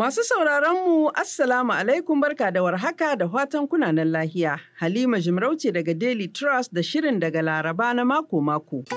Masu sauraronmu, Assalamu alaikum barka da warhaka da watan kunanan lahiya. Halima Jimarauce daga Daily Trust da shirin daga Laraba na mako-mako.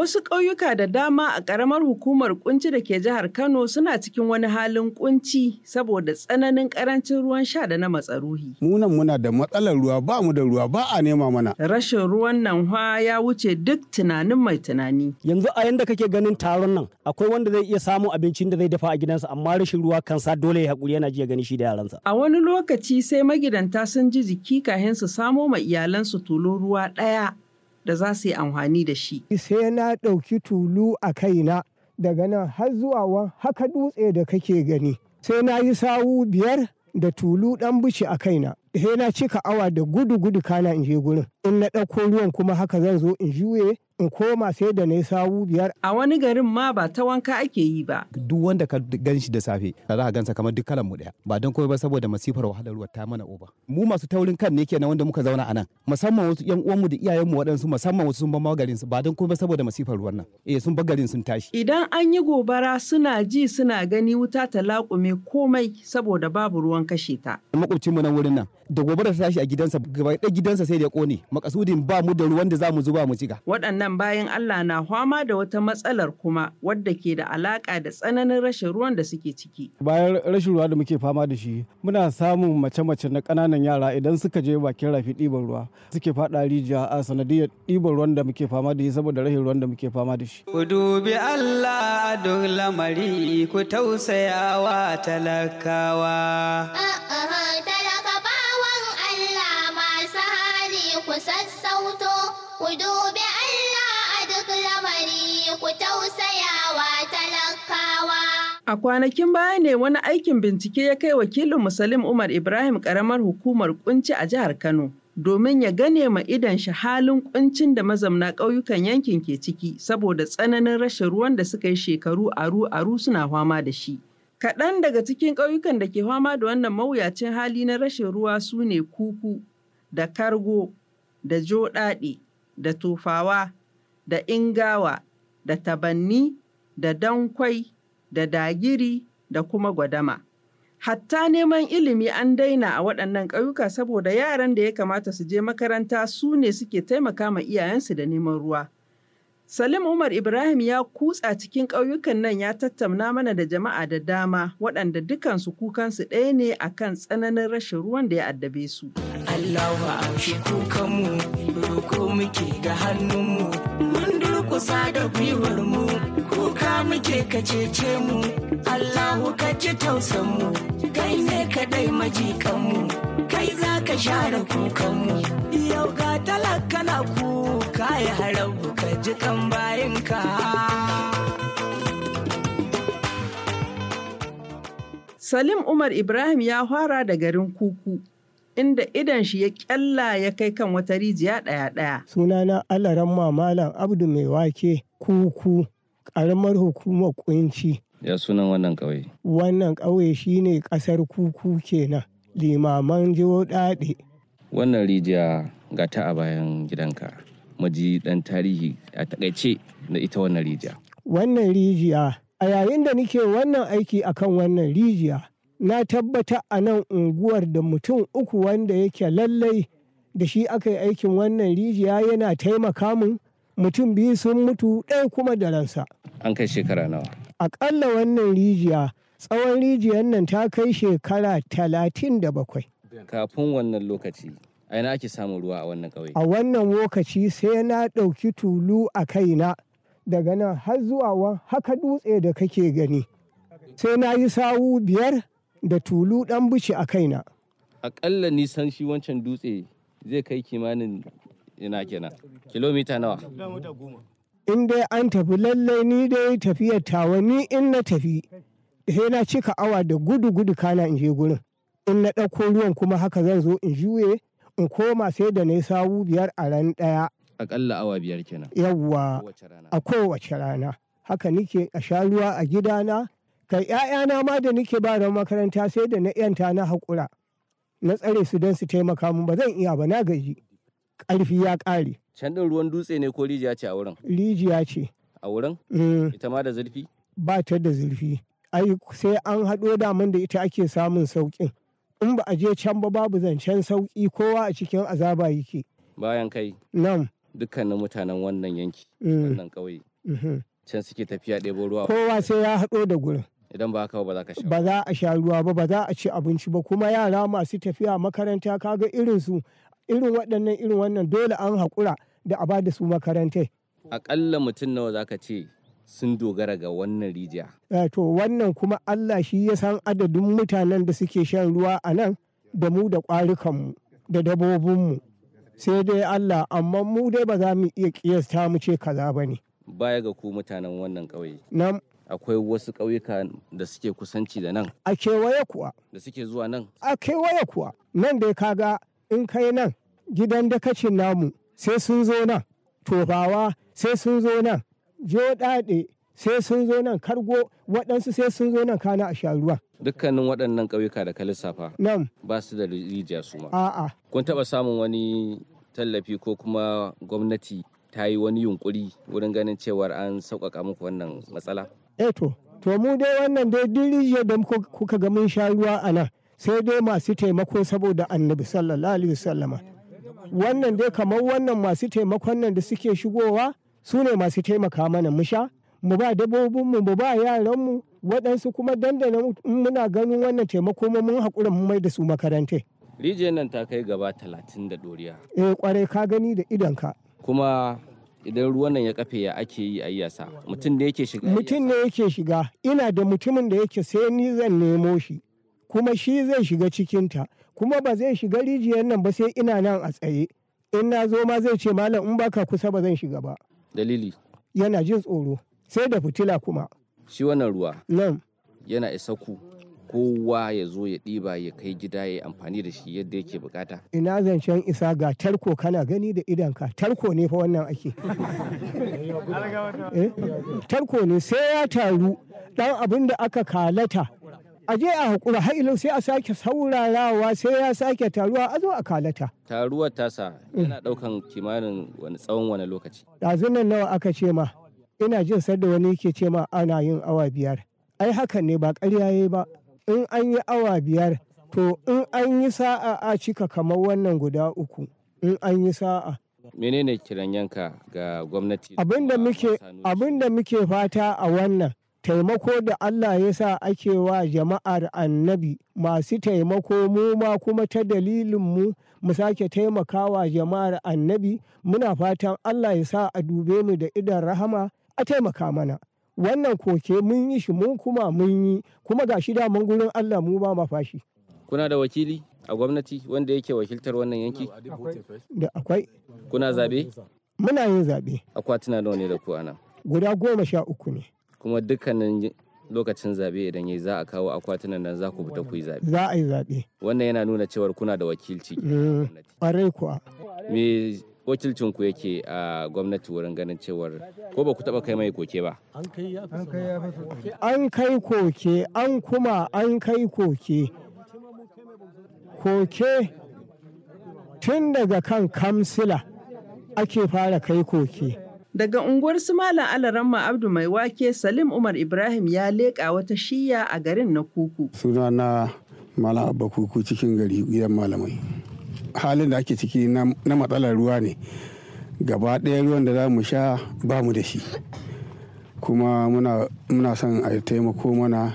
Wasu ƙauyuka da dama a ƙaramar hukumar kunci da ke jihar Kano suna cikin wani halin kunci saboda tsananin ƙarancin ruwan sha da na matsaruhi. Munan muna da matsalar ruwa ba mu da ruwa ba a nema mana. Rashin ruwan nan hwa ya wuce duk tunanin mai tunani. Yanzu a yanda kake ganin taron nan akwai wanda zai iya samun abincin da zai dafa a gidansa amma rashin ruwa kansa dole ya haƙuri yana jiya gani shi da yaransa. A wani lokaci sai magidanta sun ji jiki kahin su samo ma iyalansu tulun ruwa ɗaya da za su yi amfani da shi. Sai na ɗauki tulu a kaina daga nan har zuwa wan haka dutse da kake gani. Sai na yi sawu biyar da tulu ɗan bushi a kaina. he na cika awa da gudu gudu kana in je gurin in na ɗauko ruwan kuma haka zan zo in juye in koma sai da na sawu biyar a wani garin ma ba ta wanka ake yi ba duk wanda ka gan shi da safe ka za ka gansa kamar duk kalan mu daya ba don komai ba saboda masifar wahalar ruwa ta mana oba mu masu taurin kan ne kenan wanda muka zauna a nan musamman wasu yan uwanmu da iyayenmu waɗansu musamman wasu sun ban garin su ba don komai ba saboda masifar ruwan nan eh sun ba garin sun tashi idan an yi gobara suna ji suna gani wuta ta laƙume komai saboda babu ruwan kashe ta makwabcin nan wurin nan da gobe da tashi a gidansa gaba da gidansa sai da ya kone makasudin ba mu da ruwan da za mu zuba mu ciga Waɗannan bayan Allah na fama da wata matsalar kuma wadda ke da alaƙa da tsananin rashin ruwan da suke ciki. Bayan rashin ruwa da muke fama da shi muna samun mace-mace na ƙananan yara idan suka je bakin rafi ɗiban ruwa suke faɗa rijiya a sanadiyar ɗiban ruwan da muke fama da shi saboda rashin ruwan da muke fama da shi. Ku dubi Allah duk lamari ku tausayawa talakawa. ku dubi a talakawa. A kwanakin baya ne wani aikin bincike ya kai wakilin Musalim Umar Ibrahim ƙaramar hukumar kunci a jihar Kano. Domin ya gane ma idan shi halin kuncin da mazamna ƙauyukan yankin ke ciki saboda tsananin rashin ruwan da suka yi shekaru aru-aru suna fama da shi. Kaɗan daga cikin ƙauyukan da ke fama da wannan mawuyacin hali na rashin ruwa su ne kuku da kargo da joɗaɗe da Tufawa, da Ingawa, da Tabanni, da Dankwai, da Dagiri, da kuma Gwadama. Hatta neman ilimi an daina a waɗannan ƙauyuka saboda yaran da ya kamata su je makaranta su ne suke taimaka ma iyayensu da neman ruwa. Salim Umar Ibrahim ya kutsa cikin ƙauyukan nan ya tattauna mana da jama'a da dama waɗanda dukansu kukansu ɗaya ne a kan tsananin rashin ruwan da ya addabe su. Allah wa amshi kukanmu, roko muke da hannunmu, mun durkusa da gwiwarmu, kuka muke kacece mu, Allahu ka ji tausanmu, kai ne kaɗai majikanmu. kai za ka share kukanmu yau ga talaka na kuka ya harabu ka ji kan bayanka Salim Umar Ibrahim ya fara da garin kuku inda idan shi ya kyalla ya kai kan wata rijiya ɗaya ɗaya. Sunana Alaran Mamalan Abdu Mai Wake Kuku ƙaramar hukumar kunci. Ya sunan wannan ƙauye? Wannan ƙauye shine ƙasar kuku kenan. limaman jiwo daɗi. Wannan rijiya ga ta a bayan gidanka, maji ɗan tarihi a takaice da ita wannan rijiya. Wannan rijiya, a yayin da nike wannan aiki akan wannan rijiya, na tabbata a nan unguwar da mutum uku wanda yake lallai da shi aka yi aikin wannan rijiya yana taimaka mun mutum biyu sun mutu ɗaya kuma da ransa. An kai shekara nawa. Aƙalla wannan rijiya tsawon rijiyar nan ta kai shekara talatin da bakwai kafin wannan lokaci a ake samun ruwa a wannan ƙauye a wannan lokaci sai na ɗauki tulu a kaina daga nan har zuwa haka dutse da kake gani sai na yi sawu biyar da tulu ɗan bushi a kaina aƙalla nisan shi wancan dutse zai kai kimanin ina kenan kilomita nawa in dai an tafi lallai ni dai tafiyar tawa ni in na tafi he na cika awa da gudu gudu kana in je gurin in na ɗauko ruwan kuma haka zan zo in juye in koma sai da na sawu biyar a ran ɗaya akalla awa biyar kenan yawwa a kowace rana haka nike a sha ruwa a gidana kai ‘ya'yana ma da nike ba da makaranta sai da na ‘yanta na haƙura na tsare su don su taimaka mun ba zan iya ba na gaji ƙarfi ya ƙare. can ɗin ruwan dutse ne ko rijiya ce a wurin rijiya ce a wurin mm. ita ma da zurfi ba ta da zurfi ai sai an haɗo daman da ita ake samun sauƙin in ba a je can ba babu zancen sauƙi kowa a cikin azaba yake bayan kai nan dukkanin mutanen wannan yanki mm. wannan ƙauye mm-hmm. can suke tafiya ɗebo ruwa kowa sai ya haɗo da gurin idan ba ka ba za ka sha ba za a sha ruwa ba ba za a ci abinci ba kuma yara masu tafiya makaranta kaga irin su irin waɗannan irin wannan dole an haƙura da a ba da su makarantai aƙalla mutum nawa za ka ce sun dogara ga wannan rijiya. Eh, to wannan kuma Allah shi ya san adadin mutanen da suke shan ruwa a nan da mu da ƙwarukanmu da dabobinmu sai dai Allah amma mu dai ba za mu iya kiyasta mu ce kaza ba ne. Baya ga ku mutanen wannan ƙauye. Nam. Akwai wasu ƙauyuka da suke kusanci da nan. A kewaye kuwa. Da suke zuwa nan. A kewaye kuwa. Nan dai kaga in kai nan gidan dakacin namu sai sun zo nan. Tobawa sai sun zo nan. daɗe sai sun zo nan kargo waɗansu sai sun zo nan kana a sharuwa. Dukkanin waɗannan ƙauyuka da ka lissafa. Nan. Ba su da rijiya su ma. A'a. Kun taɓa samun wani tallafi ko kuma gwamnati ta yi wani yunƙuri wurin ganin cewar an sauƙaƙa muku wannan matsala? Eto, eh to, mu dai wannan dai duk da kuka ga mun sha ruwa a nan sai dai masu taimako saboda annabi sallallahu alaihi wasallama. Wannan dai kamar wannan masu taimakon nan da suke shigowa su ne masu taimaka mana mu sha mu ba dabbobinmu mu ba yaranmu waɗansu kuma dandana muna ganin wannan taimako mun haƙura mu mai da su makarante. rijiyar nan ta kai gaba talatin da ɗoriya. eh kwarai ka gani da idonka. kuma idan ruwan nan ya kafe ya ake yi a yasa mutum da yake shiga mutum ne yake shiga ina da mutumin da yake sai ni zan nemo shi kuma shi zai shiga cikinta kuma ba zai shiga rijiyar nan ba sai ina nan a tsaye in na zo ma zai ce malam in baka kusa ba zan shiga ba Dalili. Yana jin tsoro sai da fitila kuma. Shi wannan ruwa. Nan. Yana isa ku kowa ya zo ya ɗiba ya kai gida ya amfani da shi yadda yake bukata. Ina zancen isa ga tarko kana gani da idanka tarko ne fa wannan ake. Eh? Tarko ne sai ya taru dan abin da aka kalata a je a haƙura ilo sai a sake saurarawa sai ya sake taruwa a zo a kalata. Taruwar tasa mm. yana ɗaukan kimanin wani tsawon wani lokaci. Ɗazunan nawa aka ce ma ina jin sadda wani yake ce ma ana yin awa biyar. Ai hakan ne ba ƙarya yayi ba in an yi awa biyar to in an yi sa'a a cika kamar wannan guda uku in an yi sa'a. Menene kiran yanka ga gwamnati? Abin da muke fata a wannan taimako da Allah ya sa ake wa jama'ar annabi masu taimako mu ma kuma ta dalilinmu mu sake taimakawa jama'ar annabi muna fatan Allah ya sa a dube mu da idan rahama a taimaka mana wannan koke mun yi shi mun kuma mun yi kuma ga shi mun gurin Allah mu ba fashi. kuna da wakili a gwamnati wanda yake wakiltar wannan yanki da akwai kuna zabe muna yin zabe akwatuna nawa ne da ku guda goma sha uku ne kuma dukkanin lokacin zaɓe idan yayi za a kawo akwatunan nan za ku fita ku yi zaɓe. Za a yi zaɓe. Wannan yana nuna cewar kuna da wakilci. kwarai eh, kuwa. Me wakilcin ku yake a gwamnati wurin ganin cewar ko ba ku taɓa kai mai koke ba? An kai koke, an kuma an kai koke. Koke tun daga kan kamsila ake fara kai koke. Daga unguwar su Malam Alaramma Abdu Mai Wake Salim Umar Ibrahim ya leƙa wata shiya a garin na kuku. Suna na Malam Abba Kuku cikin gari gidan malamai. Halin da ake ciki na matsalar ruwa ne. Gaba ɗaya ruwan da za mu sha ba mu da shi. Kuma muna son a taimako mana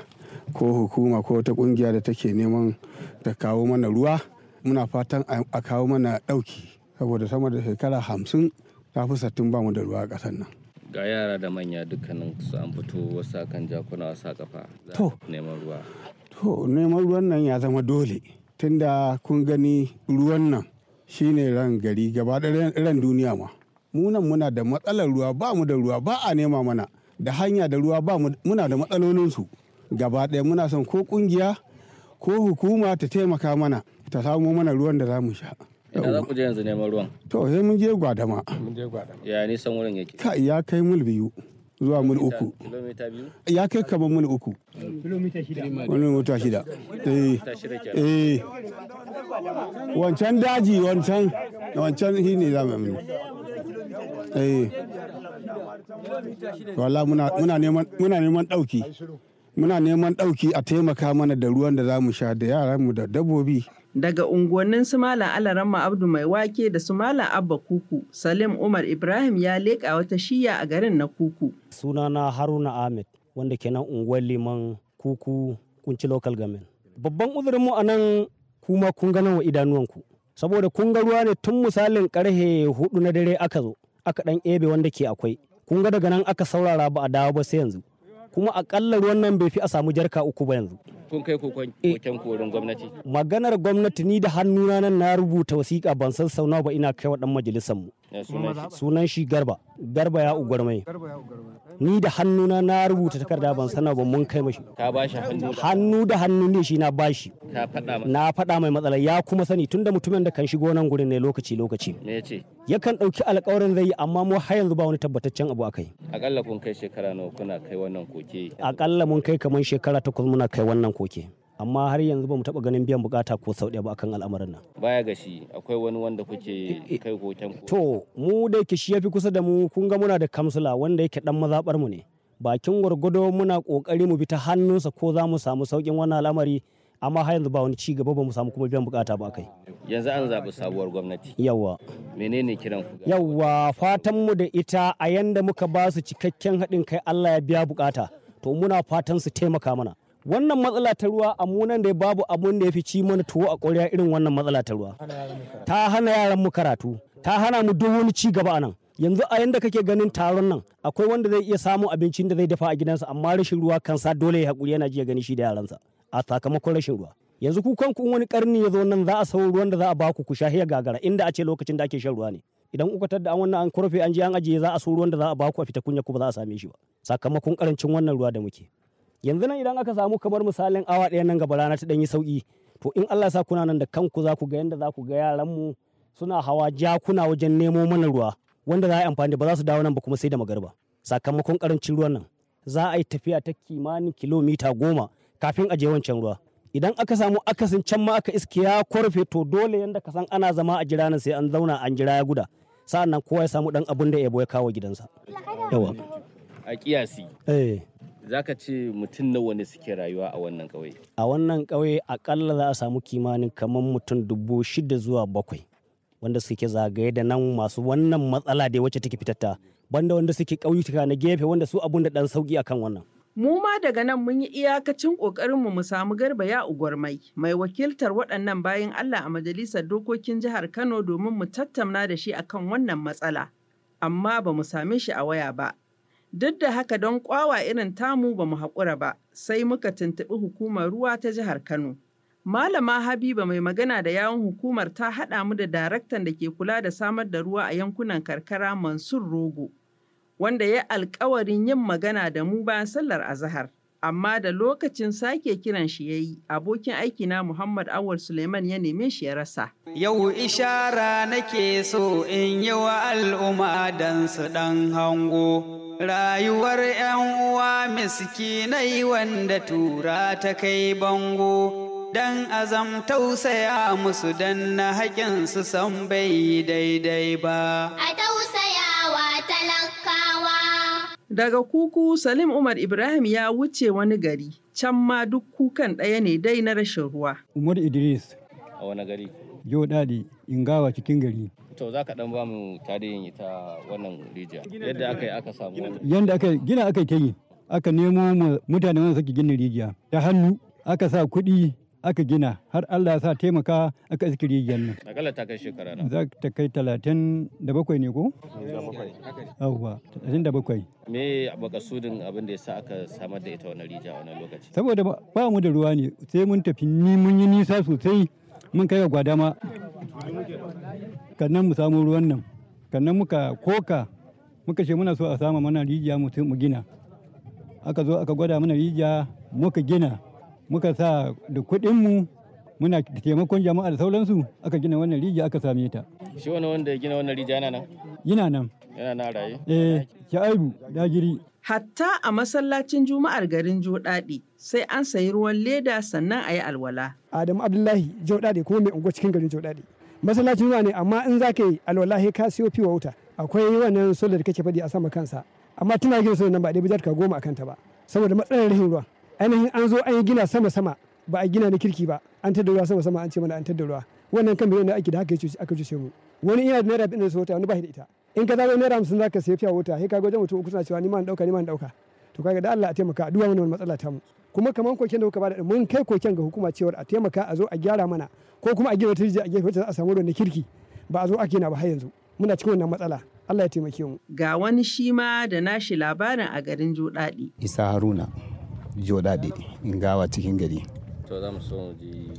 ko hukuma ko wata ƙungiya da take neman ta kawo mana ruwa. Muna fatan a kawo mana ɗauki. Saboda sama da shekara hamsin ta fi ba bamu da ruwa a ƙasar nan ga yara da manya dukkanin su an fito wasu akan jakuna wasu kafa to neman ruwa to neman ruwan nan ya zama dole tunda kun gani ruwan nan shine ran gari gaba ran duniya ma munan muna da matsalar ruwa ba mu da ruwa ba a nema mana da hanya da ruwa ba muna da matsalolinsu gaba ɗaya muna son ko kungiya ko hukuma ta taimaka mana ta samo mana ruwan da za mu sha Ina za ku je yanzu neman ruwan? To sai mun je Gwadama. Mun je Gwadama. Ya nisan wurin yake? Ka ya kai mil biyu. zuwa mil uku Kilomita biyu? ya kai kamar mil uku kilomita shida shida. Eh. eh wancan daji wancan wancan shi ne za mu yi. eh wala muna neman muna neman ɗauki muna neman ɗauki a taimaka mana da ruwan da za mu sha da yaran mu da dabbobi daga unguwannin su Malam Alaramma Abdu Mai Wake da su Malam Abba Kuku, Salim Umar Ibrahim ya leƙa wata shiya a garin na Kuku. Sunana Haruna Ahmed wanda kenan unguwar liman Kuku kunci local government. Babban uzurin mu anan kuma kun gano wa idanuwanku. Saboda kun ga ruwa ne tun misalin karhe hudu na dare aka zo, aka dan ebe wanda ke akwai. Kun ga daga nan aka saurara ba a dawo ba sai yanzu. kuma akalla ruwan nan bai fi a samu jarka uku ba yanzu kun kai kokon eh. korin gwamnati maganar gwamnati ni da hannuna nan na rubuta wasiƙa ban san sau nawa ba ina kai wa dan majalisar mu Eh, sunan shi garba garba ya ugarmai ni da hannuna na rubuta takarda ban sana ba mun kai mashi hannu da hannu ne shi na bashi na faɗa mai matsala ya kuma sani tunda mutumin da kan shigo nan gurin ne lokaci lokaci yakan ɗauki alƙawarin zai yi amma mu har yanzu ba wani tabbataccen abu akai akalla kun kai shekara nawa kuna kai wannan koke akalla mun kai kamar shekara takwas muna kai wannan koke amma har yanzu ba mu taɓa ganin biyan bukata ko sau ɗaya ba akan al'amarin nan. Baya ga shi akwai wani wanda kuke eh, eh. kai ko ku. To mu da yake shi yafi kusa da mu kun ga muna da kamsula wanda yake dan mazaɓar mu ne. Bakin gwargwado muna kokari mu bi ta hannunsa ko za mu samu saukin wannan al'amari amma har yanzu ba wani ci gaba ba mu samu kuma biyan bukata ba kai. Yanzu an zaɓi sabuwar gwamnati. Yawwa. Menene kiran ku? Yawwa fatan mu da ita a yanda muka ba su cikakken haɗin kai Allah ya biya bukata. To muna fatan su taimaka mana. wannan matsala ta ruwa a munan da babu abun da ya fi ci mana tuwo a ƙwarya irin wannan matsala ta ruwa ta hana yaran mu karatu ta hana mu duk wani ci gaba a nan yanzu a yanda kake ganin taron nan akwai wanda zai iya samun abincin da zai dafa a gidansa amma rashin ruwa kansa dole ya hakuri yana jiya gani shi da yaransa a sakamakon rashin ruwa yanzu ku kanku in wani karni ya zo nan za a sau ruwan da za a baku ku sha ya gagara inda a ce lokacin da ake shan ruwa ne idan kuka tadda an wannan an kurfe an je an ajiye za a so ruwan da za a baku a fita kunya ku ba za a same shi ba sakamakon karancin wannan ruwa da muke yanzu nan idan aka samu kamar misalin awa ɗaya nan gaba rana ta ɗanyi sauki to in Allah sa kuna nan da kanku za ku ga yanda za ku ga yaranmu suna hawa jakuna wajen nemo mana ruwa wanda za a yi amfani ba za su dawo nan ba kuma sai da magarba sakamakon karancin ruwan nan za a yi tafiya ta kimanin kilomita goma kafin a je wancan ruwa idan aka samu akasin can ma aka iske ya korfe to dole yanda ka san ana zama a jira nan sai an zauna an jira ya guda sa'an nan kowa ya samu dan abun da ya kawo gidansa yawa za ka ce mutum nawa ne suke rayuwa a wannan ƙauye a wannan ƙauye akalla za a samu kimanin kamar mutum dubu shida zuwa bakwai wanda suke zagaye da nan masu wannan matsala dai wacce take fitatta banda wanda suke ƙauyuka na gefe wanda su abun da dan sauki akan wannan Mu ma daga nan mun yi iyakacin ƙoƙarinmu mu samu garba ya ugwarmai mai wakiltar waɗannan bayan Allah a Majalisar Dokokin Jihar Kano domin mu tattauna da shi akan wannan matsala. Amma ba mu same shi a waya ba, Duk da haka don ƙwawa irin tamu ba mu haƙura ba, sai muka tuntuɓi hukumar ruwa ta jihar Kano. Malama Habiba mai magana da yawun hukumar ta haɗa mu da daraktan da ke kula da samar da ruwa a yankunan karkara Mansur Rogo, wanda ya alkawarin yin magana da mu bayan sallar azahar. amma da lokacin sake kiran shi ya yi abokin aikina Muhammad Awal Suleiman ya neme shi ya rasa. Yau ishara nake so in yi wa al'umma dan su ɗan hango. Rayuwar ‘yan uwa miskinai wanda tura ta kai bango, dan azam tausaya musu dan na su san bai daidai ba. A Daga kuku Salim Umar Ibrahim ya wuce wani gari, can ma duk kukan ɗaya ne dai na rashin ruwa. Umar Idris. A wani gari? Jo Dadi, Ingawa cikin gari. To za ka ɗan ba mu tarihin ita wannan rijiya. Yadda aka yi aka samu wannan. Yadda aka gina aka yi ta yi. Aka nemo mutane wanda suke gina rijiya ta hannu. Aka sa kuɗi aka gina har Allah ya sa taimaka aka zikiri nan. Akalla ta kai shekara na. Za ta kai talatin da bakwai ne ko? Yawwa, talatin da bakwai. Me makasudin abin da ya sa aka samar da ita wannan rija wani wannan lokaci? Saboda ba mu da ruwa ne sai mun tafi ni mun yi nisa sosai mun kai ga gwadama. Kannan mu samu ruwan nan. Kannan muka koka muka ce muna so a sama mana rijiya mu gina. Aka zo aka gwada mana rijiya muka gina. muka sa da kuɗinmu muna taimakon jama'a da sauransu aka gina wannan rijiya aka same ta. Shi wani wanda ya gina wannan rijiya yana nan? Yana nan. Yana nan raye? Eh, Sha'aibu Dagiri. Hatta a masallacin Juma'ar garin Joɗaɗi sai an sayi ruwan leda sannan a yi alwala. Adamu Abdullahi Joɗaɗi kuma mai unguwa cikin garin Joɗaɗi. Masallacin ruwa ne amma in za ka yi alwala ka siyo fiwa wuta. Akwai wannan solar da kake faɗi a sama kansa. Amma tana gina solar nan ba a ɗaya ba ka goma a kanta ba. Saboda matsalar rahin ruwa. ainihin an zo an yi gina sama-sama ba a gina na kirki ba an tadda ruwa sama-sama an ce mana an tadda ruwa wannan kan bayan da ake da haka aka cuce mu wani ina da naira ɗin su wata wani ba da ita in ka zama naira hamsin za ka sayi fiya wata sai ka ga wajen mutum uku suna cewa ni ma na ɗauka ni ma na ɗauka to kaga da Allah a taimaka a duba mana matsala ta mu kuma kamar koken da kuka bada mun kai koken ga hukuma cewar a taimaka a zo a gyara mana ko kuma a gina rijiya a gefe a samu ruwan kirki ba a zo ake na ba har yanzu muna cikin wannan matsala Allah ya taimake mu ga wani shi ma da nashi labarin a garin Jodadi Isa Haruna in ingawa cikin gari to za mu so ji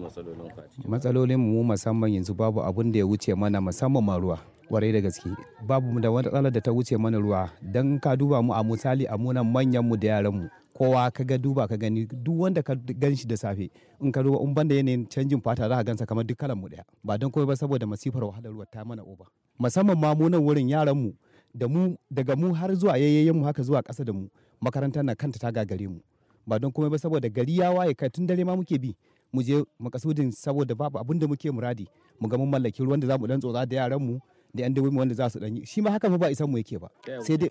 matsalolin matsalolin mu musamman yanzu babu abun da ya wuce mana musamman ma ruwa kwarai da gaske babu da wani matsalar da ta wuce mana ruwa dan ka duba mu a misali a munan manyan mu da yaran mu kowa ka ga duba ka gani duk wanda ka gan shi da safe in ka duba in banda yanayin canjin fata za ka gansa kamar duk kalan mu daya ba don koyi ba saboda masifar wahalar ruwa ta mana uba musamman ma mu wurin yaran mu da mu daga mu har zuwa yayyayen mu haka zuwa kasa da mu makarantar na kanta ta gagare mu ba don komai ba saboda gari ya waye kai tun dare ma muke bi mu je makasudin saboda babu abin da muke muradi mu ga mun mallaki ruwan da zamu dan tsotsa da yaran mu da yan mu wanda za su dan yi shi ma haka ba isan mu yake ba sai dai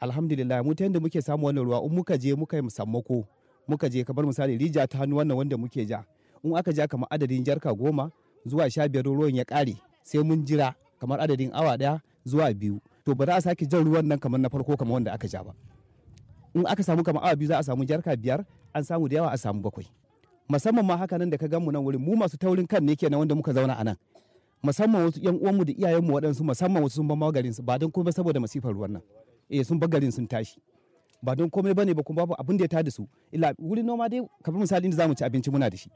alhamdulillah mu ta yanda muke samu wannan ruwa in muka je muka yi musammako muka je kamar misali rija ta hannu wannan wanda muke ja in aka ja kamar adadin jarka goma zuwa sha biyar ruwan ya kare sai mun jira kamar adadin awa daya zuwa biyu to ba za a sake jan ruwan nan kamar na farko kamar wanda aka ja ba in aka samu kamar awa biyu za a samu jarka biyar an samu da yawa a samu bakwai musamman ma haka nan da ka gan mu nan wurin mu masu taurin kan ne kenan wanda muka zauna a nan musamman wasu yan uwanmu da iyayenmu waɗansu musamman wasu sun ban garin su ba don komai saboda masifar ruwan nan eh sun ban garin sun tashi ba don komai bane ba kuma babu abin da ya tada su illa wurin noma dai kamar misali da zamu ci abinci muna da shi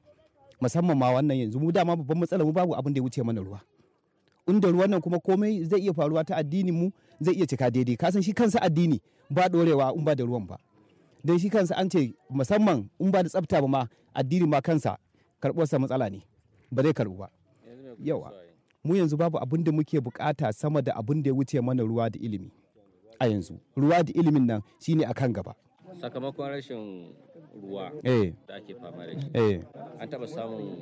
musamman ma wannan yanzu mu dama babban matsala mu babu abin da ya wuce mana ruwa inda nan kuma komai zai iya faruwa ta addinin mu zai iya cika daidai kasan shi kansa addini ba dorewa in ba da ruwan ba dan shi kansa an ce musamman in ba da tsafta ba ma addini ma kansa sa matsala ne ba zai karbu ba yawa mu yanzu babu abin da muke bukata sama da abin da ya wuce mana ruwa da ilimi a yanzu ruwa da ilimin nan shine akan gaba sakamakon rashin ruwa eh. da ake fama da shi eh. an taba samun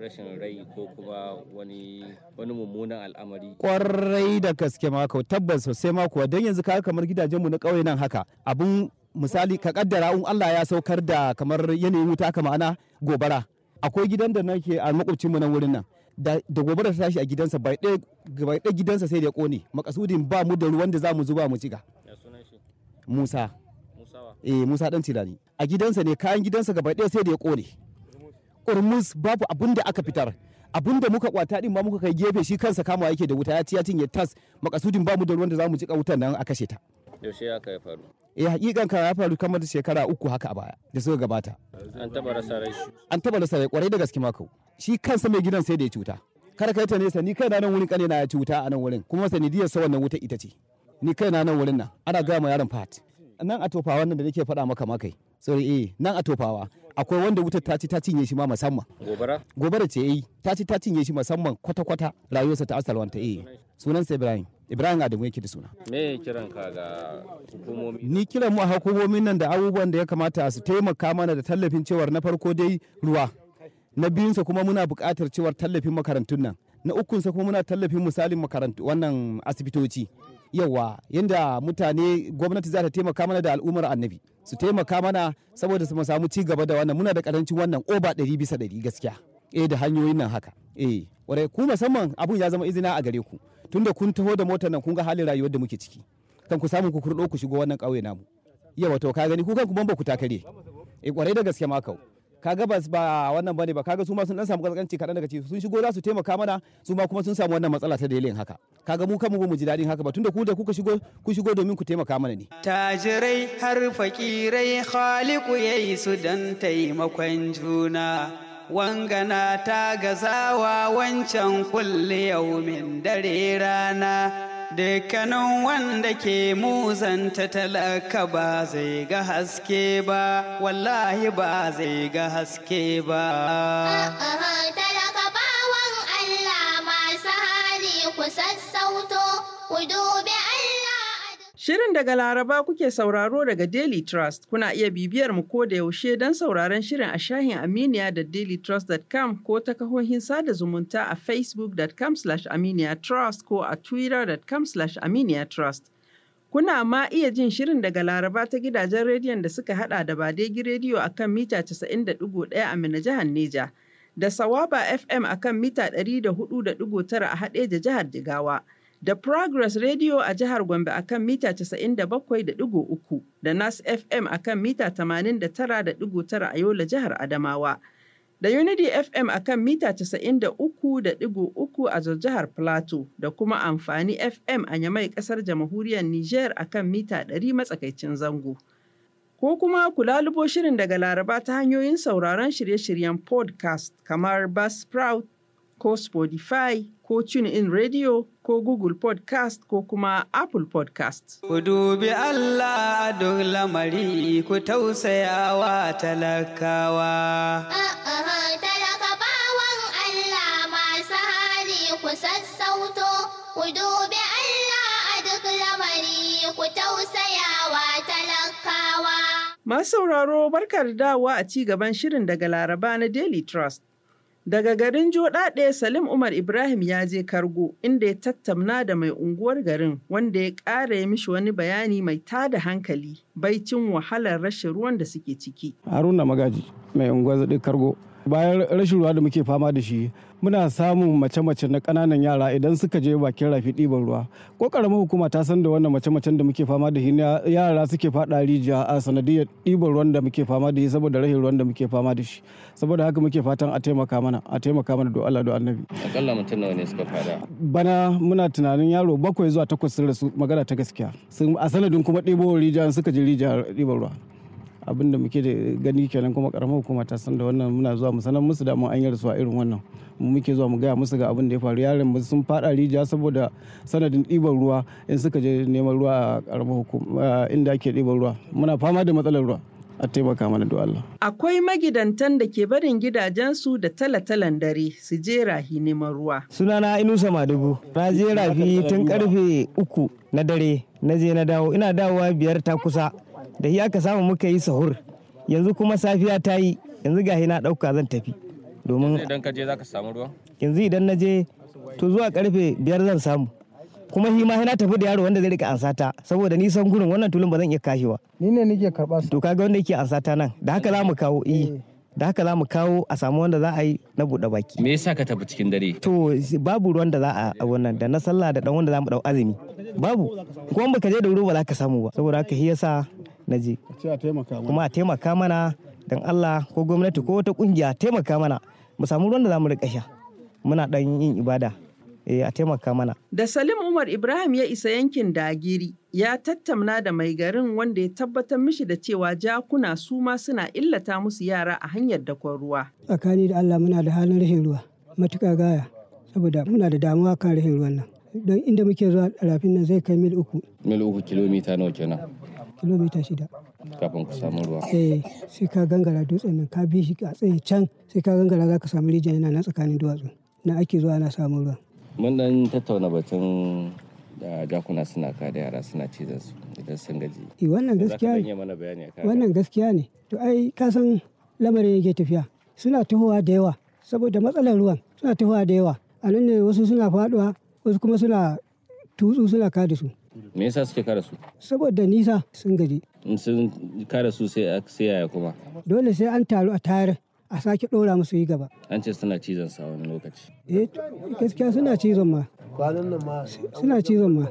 rashin rai ko kuma wani wani mummunan al'amari kwarai da gaske mako tabbas sosai mako don yanzu ka kamar gidajenmu na ƙauye nan haka abun misali ka kaddara in Allah ya saukar da kamar yanayin wuta ka ma'ana gobara akwai gidan da nake a makwabcin mu nan wurin nan da gobara ta tashi a gidansa bai ɗaya gidansa sai da ya ƙone makasudin ba mu da ruwan da za mu zuba mu ciga Musa. Musa wa? Eh Musa dan Tilani. a gidansa ne kayan gidansa gaba ɗaya sai da ya ƙone ƙurmus babu abin da aka fitar abin da muka kwata din ma muka kai gefe shi kansa kama yake da wuta ya ci ya cinye tas makasudin bamu da ruwan da zamu jika wutan nan a kashe ta yaushe ya kai faru eh hakikan ka ya faru kamar shekara uku haka a baya da suka gabata an taba rasa rai an taba rasa rai kwarai da gaske mako shi kansa mai gidan sai da ya cuta kar kai ta nesa ni kaina nan wurin kane na ya cuta a nan wurin kuma sanidiyar sa wannan wuta ita ce ni kaina nan wurin nan ana gaya ma yaron fat nan a tofa wannan da nake faɗa maka makai sorry eh nan a tofawa akwai wanda wutar ta ci ta cinye shi ma musamman gobara gobara ce eh ta ci ta cinye shi musamman kwata kwata rayuwarsa ta asalwanta eh sunan sa Ibrahim Ibrahim Adamu yake da suna me kiran ka ga hukumomi ni kiran mu a hukumomin nan da abubuwan da ya kamata su taimaka mana da tallafin cewar na farko dai ruwa na biyunsa kuma muna buƙatar cewar tallafin makarantun nan na ukunsa kuma muna tallafin misalin makarantu wannan asibitoci yawa yadda mutane gwamnati za ta taimaka mana da al'ummar annabi su taimaka mana saboda su samu ci gaba da wannan muna da karancin wannan oba ɗari bisa ɗari gaskiya eh da hanyoyin nan haka eh warai ku musamman abun ya zama izina a gare ku tunda kun taho da motar nan kun ga halin rayuwar da muke ciki kan ku samu ku kurdo ku shigo wannan ƙauye namu yawa to ka gani ku kanku ban ba ku takare eh kwarai da gaske ma kau kaga ba wannan bane ba kaga su ma sun dan samu kaskanci kaɗan daga ciki sun shigo za su taimaka mana su ma kuma sun samu wannan matsala ta dalilin haka kaga mu kanmu mu ji dadin haka ba tunda ku da kuka shigo ku shigo domin ku taimaka mana ne tajirai har fakirai khaliqu yayi su dan taimakon juna wangana ta gazawa wancan kulle yaumin dare rana Dukkanin wanda ke muzanta talaka ba zai ga haske ba, wallahi ba zai ga haske ba. Talaka bawan Allah masu hali ku sassauto, ku Shirin daga Laraba kuke sauraro daga Daily Trust. Kuna iya bibiyar mu ko da yaushe don sauraron shirin a shahin Aminiya da dailytrust.com ko ta kahohin sada zumunta a facebookcom aminiyatrust ko a twittercom aminiyatrust. Kuna ma iya jin shirin daga Laraba ta gidajen rediyon da suka hada da Badegi Rediyo a kan mita 90.1 a Mina jihar Neja, da Sawaba FM a kan mita 104.9 a da jihar Jigawa. da Progress Radio a jihar Gombe kan mita 97.3 da Nas FM a kan mita 89.9 a Yola jihar Adamawa. Da Unity FM a kan mita 93.3 a jihar Plateau da kuma amfani FM a Yamai kasar jamhuriyar Niger a kan mita 100 matsakaicin zango. Ko kuma ku lalubo shirin daga Laraba ta hanyoyin sauraron shirye-shiryen podcast kamar Buzzsprout ko Spotify ko TuneIn Radio ko Google Podcast ko kuma Apple Podcast. Ku dubi Allah ku tausayawa talakawa. Talakabawan Allah masu hali ku sassauto ku dubi Allah a duk lamari ku tausayawa talakawa. Masu sauraro barkar dawa a ci gaban shirin daga Laraba na Daily Trust. Daga garin ɗaya Salim Umar Ibrahim ya je Kargo inda ya tattamna da mai unguwar garin wanda ya ƙara ya mishi wani bayani mai tada hankali baicin wahalar rashin ruwan da suke ciki. Haruna Magaji mai unguwar zaɗe Kargo bayan rashin ruwa da muke fama da shi muna samun mace-mace na kananan yara idan suka je bakin rafi ɗiban ruwa ko karamar hukuma ta san da wannan mace-macen da muke fama da shi yara suke fada rijiya a sanadiyar ɗiban ruwan da muke fama da shi saboda rashin ruwan da muke fama da shi saboda haka muke fatan a taimaka mana a taimaka mana don Allah don Annabi akalla mutum nawa ne suka fada. bana muna tunanin yaro bakwai zuwa takwas sun rasu magana ta gaskiya sun a sanadin kuma ɗibo rijiya suka je rijiya ɗiban ruwa abin da muke gani kenan kuma karamar hukuma ta san da wannan muna zuwa mu sanar musu da mun an yarsu a irin wannan mu muke zuwa mu gaya musu ga abin da ya faru yaran mu sun fada rijiya saboda sanadin ɗiban ruwa in suka je neman ruwa a karamar hukuma inda ake ɗiban ruwa muna fama da matsalar ruwa a taimaka mana da Allah. Akwai magidantan da ke barin gidajensu da talatalan dare su je rahi neman ruwa. Sunana Inusa Madugu, na je rafi tun karfe uku na dare, na je na dawo, ina dawowa biyar ta kusa. da shi aka samu muka yi sahur yanzu kuma safiya ta yi yanzu gahi na dauka zan tafi domin idan ka je zaka samu ruwa yanzu idan na je to zuwa karfe biyar zan samu kuma shi ma na tafi da yaro wanda zai rika ansata saboda nisan gurin wannan tulun ba zan iya kashewa ni ne nake karɓa to kaga wanda yake ansata nan da haka za mu kawo eh, eh da haka za mu kawo a samu wanda za a yi na buɗe baki. Me yasa ka tafi cikin dare? To babu ruwan da za a wannan da na sallah da dan wanda za mu dau azumi. Babu. Kuma baka je da wuri ba za ka samu ba. Saboda haka shi yasa na ji kuma a taimaka mana don Allah ko gwamnati ko wata kungiya taimaka mana mu samu ruwan da za mu riƙa sha muna ɗan yin ibada eh, a taimaka mana. Da Salim Umar Ibrahim ya isa yankin Dagiri ya tattamna da mai garin wanda ya tabbatar mishi da cewa jakuna su ma suna illata musu yara a hanyar dakon ruwa. Tsakani da Allah muna da halin rashin ruwa matuƙa gaya saboda muna da damuwa kan rashin ruwan nan. Don inda muke zuwa rafin nan zai kai mil uku. Mil uku kilomita nawa kenan. kilomita shida. Kafin ka samu ruwa. Eh sai ka gangara dutsen nan ka bi shi a tsaye can sai ka gangara za ka samu rijiya yana na tsakanin duwatsu na ake zuwa ana samun ruwa. Mun dan tattauna batun da jakuna suna ka da yara suna cizon su idan sun gaji. Eh, Wannan gaskiya ne. Wannan gaskiya ne. To ai ka san lamarin yake tafiya. Suna tahowa da yawa saboda matsalar ruwan suna tahowa da yawa. A nan ne wasu suna faduwa wasu kuma suna tutsu suna kada su. me yasa suke kare su saboda nisa sun gaji in sun kare su sai yaya kuma dole sai an taru a tayar a sake dora musu yi gaba an ce suna cizon sa wani lokaci eh gaskiya suna cizon ma kwanan nan ma suna cizon ma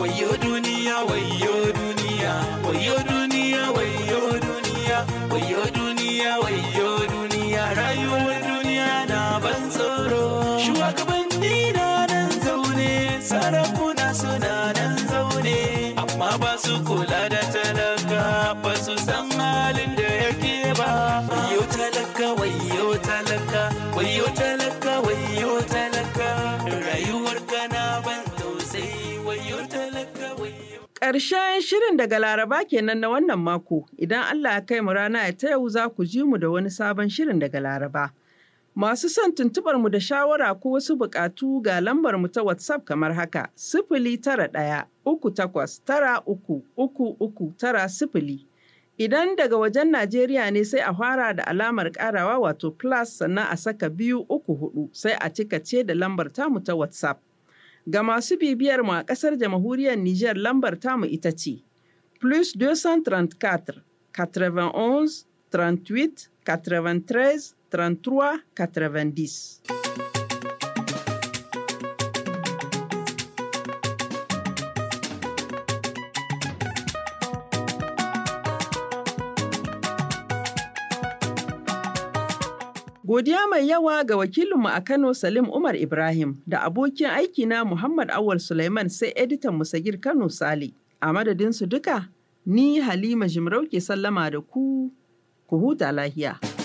wayo duniya wayo duniya wayo duniya wayo duniya wayo duniya su san malin da yake ba wayo talaka wayo talaka wayo talaka wayo talaka rayuwar kana ban tausayi wayo talaka wayo Ƙarshen shirin daga Laraba kenan na wannan mako, idan Allah ya kai mu rana ya ta yau za ku ji mu da wani sabon shirin daga Laraba. Masu son tuntubar mu da shawara ko wasu bukatu ga lambar mu ta WhatsApp kamar haka: sifili tara ɗaya, uku takwas, tara uku, uku uku tara sifili. Idan daga wajen Najeriya ne sai a fara da alamar karawa wato plus sannan a saka biyu uku hudu sai a cika ce da lambar tamu ta WhatsApp. Ga masu bibiyar mu a ƙasar jamhuriyar Nijar lambar tamu ita ce plus 234 91 38 93 33 90. Godiya mai yawa ga wakilinmu a Kano Salim Umar Ibrahim da abokin aikina Muhammad Awal Sulaiman sai editan Musagir Kano Sale. A madadinsu duka, ni Halima Jimarauke sallama da ku, ku huta lahiya.